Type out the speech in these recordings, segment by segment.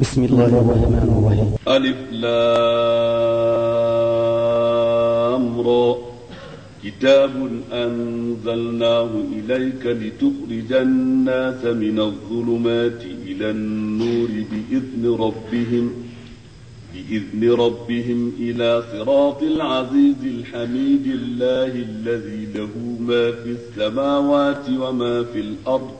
بسم الله الرحمن الرحيم ألف لام را كتاب أنزلناه إليك لتخرج الناس من الظلمات إلى النور بإذن ربهم بإذن ربهم إلى صراط العزيز الحميد الله الذي له ما في السماوات وما في الأرض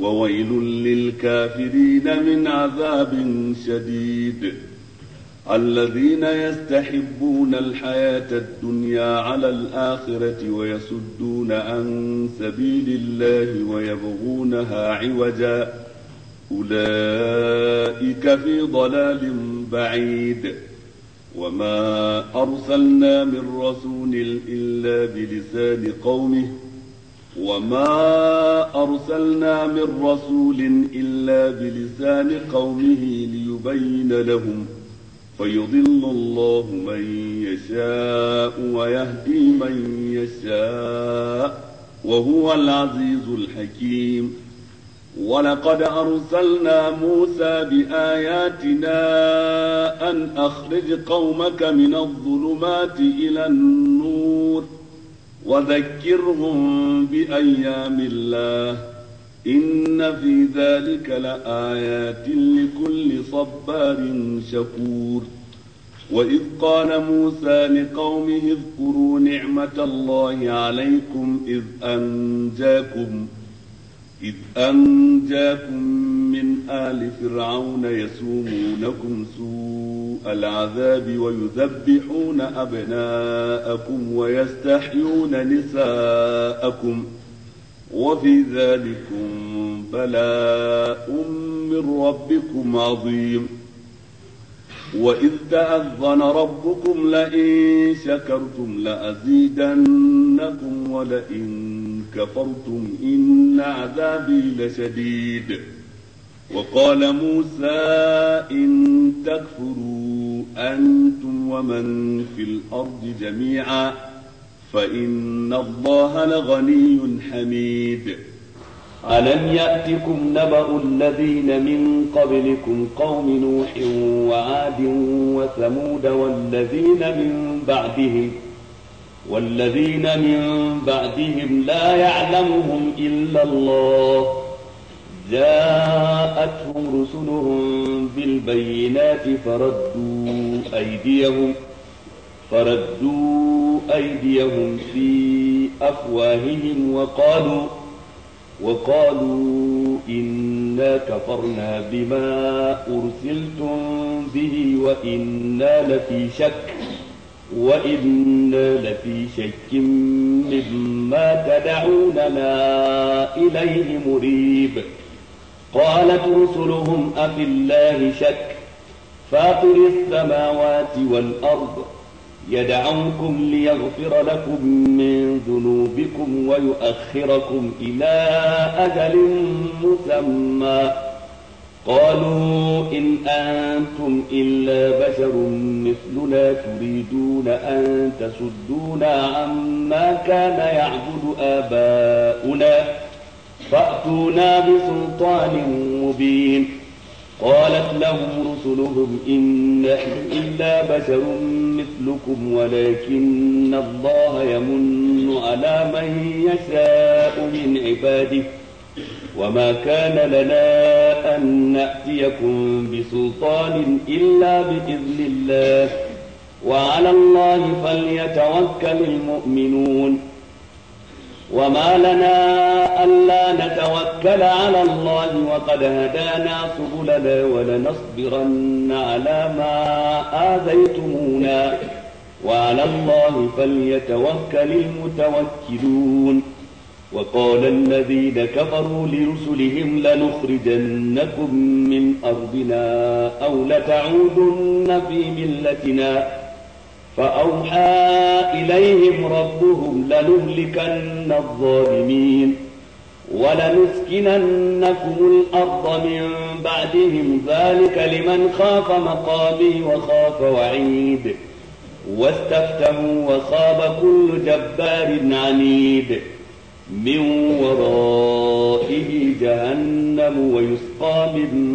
وويل للكافرين من عذاب شديد الذين يستحبون الحياة الدنيا على الآخرة ويصدون عن سبيل الله ويبغونها عوجا أولئك في ضلال بعيد وما أرسلنا من رسول إلا بلسان قومه وما أرسلنا من رسول إلا بلسان قومه ليبين لهم فيضل الله من يشاء ويهدي من يشاء وهو العزيز الحكيم ولقد أرسلنا موسى بآياتنا أن أخرج قومك من الظلمات إلى النور ۖ وذكرهم بأيام الله إن في ذلك لآيات لكل صبار شكور وإذ قال موسى لقومه اذكروا نعمة الله عليكم إذ أنجاكم إذ أنجاكم آل فرعون يسومونكم سوء العذاب ويذبحون أبناءكم ويستحيون نساءكم وفي ذلكم بلاء من ربكم عظيم وإذ تأذن ربكم لئن شكرتم لأزيدنكم ولئن كفرتم إن عذابي لشديد وقال موسى إن تكفروا أنتم ومن في الأرض جميعا فإن الله لغني حميد ألم يأتكم نبأ الذين من قبلكم قوم نوح وعاد وثمود والذين من بعدهم والذين من بعدهم لا يعلمهم إلا الله جاءتهم رسلهم بالبينات فردوا أيديهم فردوا أيديهم في أفواههم وقالوا وقالوا إنا كفرنا بما أرسلتم به وإنا لفي شك وإنا لفي شك مما تدعوننا إليه مريب قالت رسلهم أفي الله شك فاطر السماوات والأرض يدعوكم ليغفر لكم من ذنوبكم ويؤخركم إلى أجل مسمى قالوا إن أنتم إلا بشر مثلنا تريدون أن تسدونا عما كان يعبد آباؤنا فأتونا بسلطان مبين قالت لهم رسلهم إن نحن إلا بشر مثلكم ولكن الله يمن على من يشاء من عباده وما كان لنا أن نأتيكم بسلطان إلا بإذن الله وعلى الله فليتوكل المؤمنون وما لنا ألا نتوكل على الله وقد هدانا سبلنا ولنصبرن على ما آذيتمونا وعلى الله فليتوكل المتوكلون وقال الذين كفروا لرسلهم لنخرجنكم من أرضنا أو لتعودن في ملتنا فأوحى إليهم ربهم لنهلكن الظالمين ولنسكننكم الأرض من بعدهم ذلك لمن خاف مقامي وخاف وعيد واستفتموا وخاب كل جبار عنيد من ورائه جهنم ويسقى من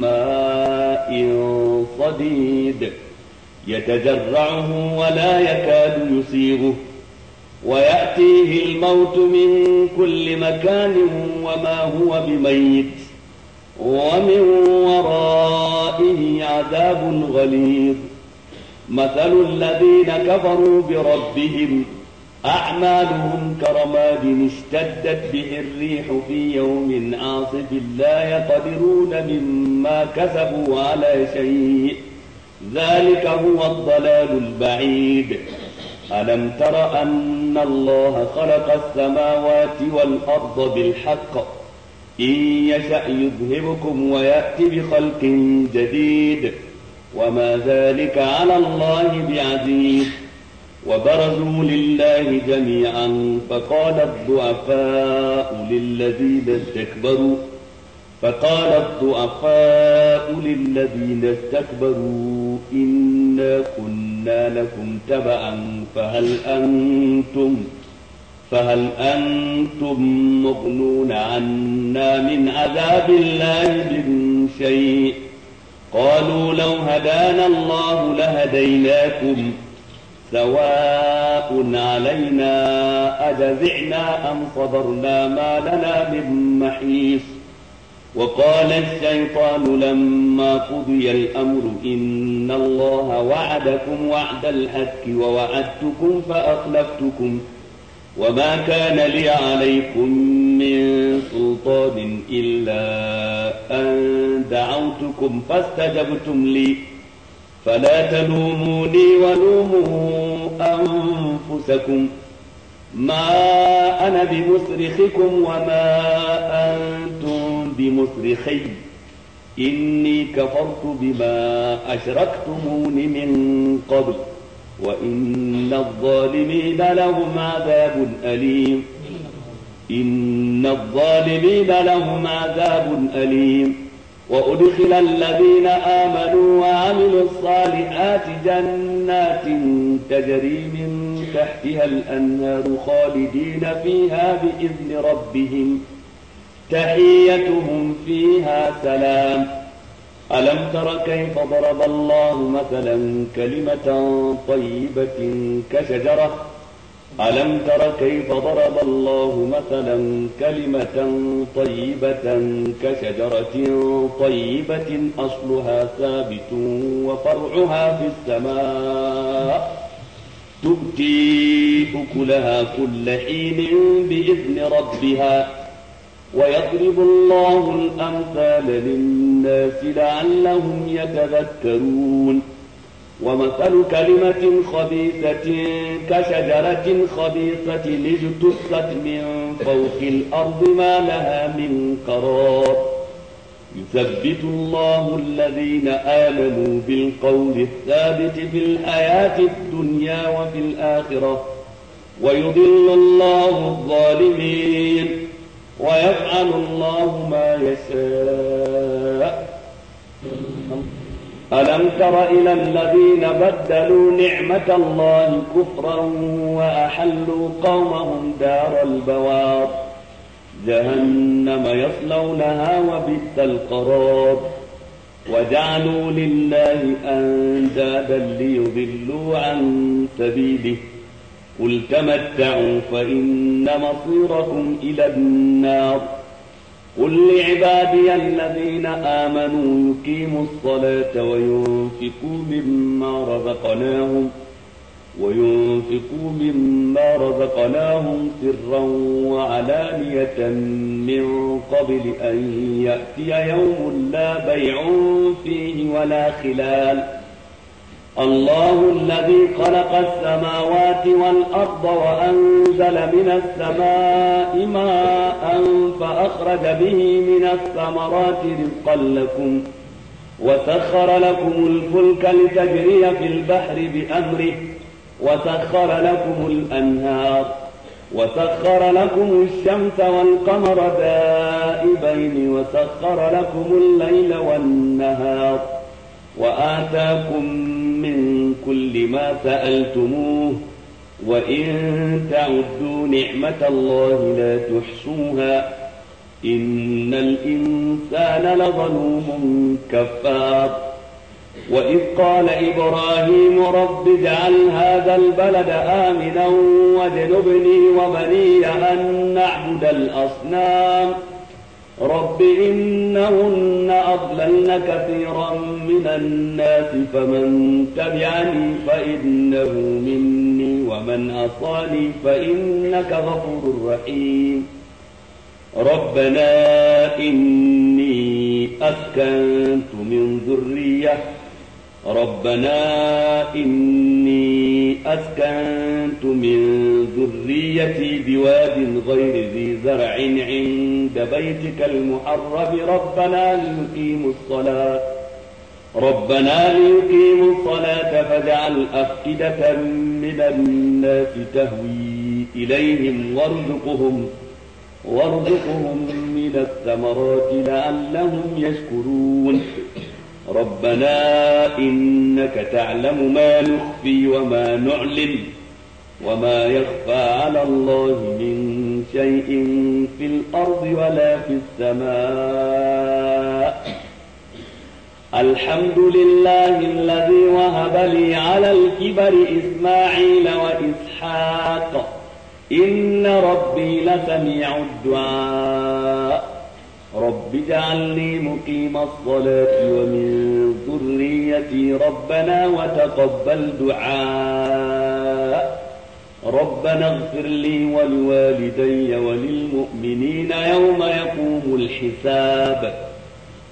ماء صديد يتجرعه ولا يكاد يسيغه ويأتيه الموت من كل مكان وما هو بميت ومن ورائه عذاب غليظ مثل الذين كفروا بربهم أعمالهم كرماد اشتدت به الريح في يوم عاصف لا يقدرون مما كسبوا على شيء ذلك هو الضلال البعيد ألم تر أن الله خلق السماوات والأرض بالحق إن يشأ يذهبكم ويأتي بخلق جديد وما ذلك على الله بعزيز وبرزوا لله جميعا فقال الضعفاء للذين استكبروا فقال الضعفاء للذين استكبروا إنا كنا لكم تبعا فهل أنتم فهل أنتم مغنون عنا من عذاب الله من شيء قالوا لو هدانا الله لهديناكم سواء علينا أجزعنا أم صبرنا ما لنا من محيص وقال الشيطان لما قضي الأمر إن الله وعدكم وعد الحق ووعدتكم فأخلفتكم وما كان لي عليكم من سلطان إلا أن دعوتكم فاستجبتم لي فلا تلوموني ولوموا أنفسكم ما أنا بمصرخكم وما أنت بمصرخي إني كفرت بما أشركتمون من قبل وإن الظالمين لهم عذاب أليم إن الظالمين لهم عذاب أليم وأدخل الذين آمنوا وعملوا الصالحات جنات تجري من تحتها الأنهار خالدين فيها بإذن ربهم ۖ تحيتهم فيها سلام ألم تر كيف ضرب الله مثلا كلمة طيبة كشجرة ألم تر كيف ضرب الله مثلا كلمة طيبة كشجرة طيبة أصلها ثابت وفرعها في السماء تؤتي أكلها كل حين بإذن ربها ويضرب الله الأمثال للناس لعلهم يتذكرون ومثل كلمة خبيثة كشجرة خبيثة اجتثت من فوق الأرض ما لها من قرار يثبت الله الذين آمنوا بالقول الثابت في الحياة الدنيا وفي الآخرة ويضل الله الظالمين ويفعل الله ما يشاء ألم تر إلى الذين بدلوا نعمة الله كفرا وأحلوا قومهم دار البوار جهنم يصلونها وبئس القرار وجعلوا لله أندادا ليضلوا عن سبيله قل تمتعوا فإن مصيركم إلى النار قل لعبادي الذين آمنوا يقيموا الصلاة وينفقوا مما رزقناهم وينفقوا مما رزقناهم سرا وعلانية من قبل أن يأتي يوم لا بيع فيه ولا خلال ۖ الله الذي خلق السماوات والأرض وأنزل من السماء ماء فأخرج به من الثمرات رزقا لكم وسخر لكم الفلك لتجري في البحر بأمره وسخر لكم الأنهار وسخر لكم الشمس والقمر دائبين وسخر لكم الليل والنهار وآتاكم من كل ما سألتموه وإن تعدوا نعمة الله لا تحصوها إن الإنسان لظلوم كفار وإذ قال إبراهيم رب اجعل هذا البلد آمنا واجنبني وبني أن نعبد الأصنام ۖ رب إنهن أضللن كثيرا من الناس فمن تبعني فإنه مني ومن أصاني فإنك غفور رحيم ربنا إني أسكنت من ذرية ربنا إني أسكنت من ذريتي بواد غير ذي زرع عند بيتك المحرم ربنا ليقيموا الصلاة ربنا ليقيموا الصلاة فاجعل أفئدة من الناس تهوي إليهم وارزقهم وارزقهم من الثمرات لعلهم يشكرون ربنا إنك تعلم ما نخفي وما نعلن وما يخفى على الله من شيء في الأرض ولا في السماء الحمد لله الذي وهب لي على الكبر إسماعيل وإسحاق إن ربي لسميع الدعاء رب اجعلني مقيم الصلاة ومن ذريتي ربنا وتقبل دعاء ربنا اغفر لي ولوالدي وللمؤمنين يوم يقوم الحساب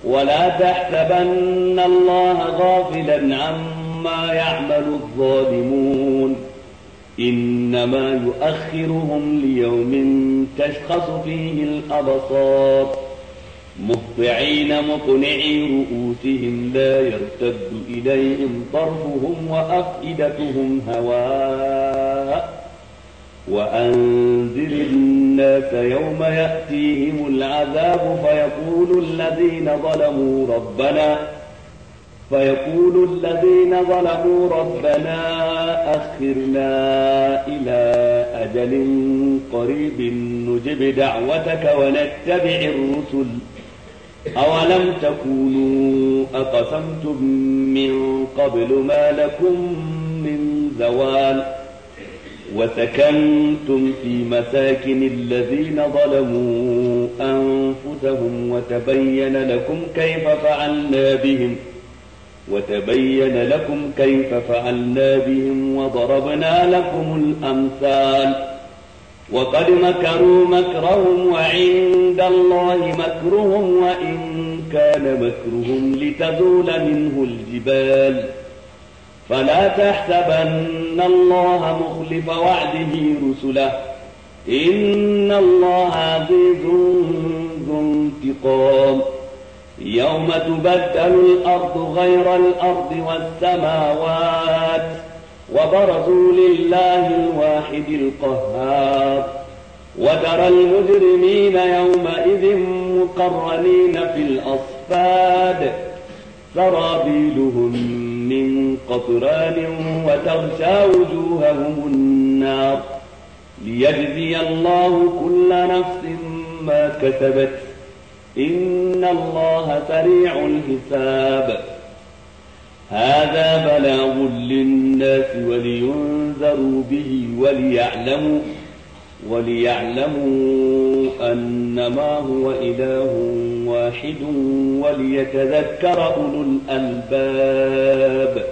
ولا تحسبن الله غافلا عما يعمل الظالمون إنما يؤخرهم ليوم تشخص فيه الأبصار مهطعين مقنعي رؤوسهم لا يرتد إليهم طرفهم وأفئدتهم هواء وأنذر الناس يوم يأتيهم العذاب فيقول الذين ظلموا ربنا فيقول الذين ظلموا ربنا أخرنا إلى أجل قريب نجب دعوتك ونتبع الرسل أولم تكونوا أقسمتم من قبل ما لكم من زوال وسكنتم في مساكن الذين ظلموا أنفسهم وتبين لكم كيف فعلنا بهم وتبين لكم كيف فعلنا بهم وضربنا لكم الأمثال وقد مكروا مكرهم وعند الله مكرهم وإن كان مكرهم لتزول منه الجبال فلا تحسبن الله مخلف وعده رسله إن الله عزيز ذو انتقام يوم تبدل الأرض غير الأرض والسماوات وبرزوا لله الواحد القهار وترى المجرمين يومئذ مقرنين في الأصفاد سرابيلهم من قطران وتغشى وجوههم النار ليجزي الله كل نفس ما كسبت إن الله سريع الحساب هذا بلاغ للناس ولينذروا به وليعلموا وليعلموا أنما هو إله واحد وليتذكر أولو الألباب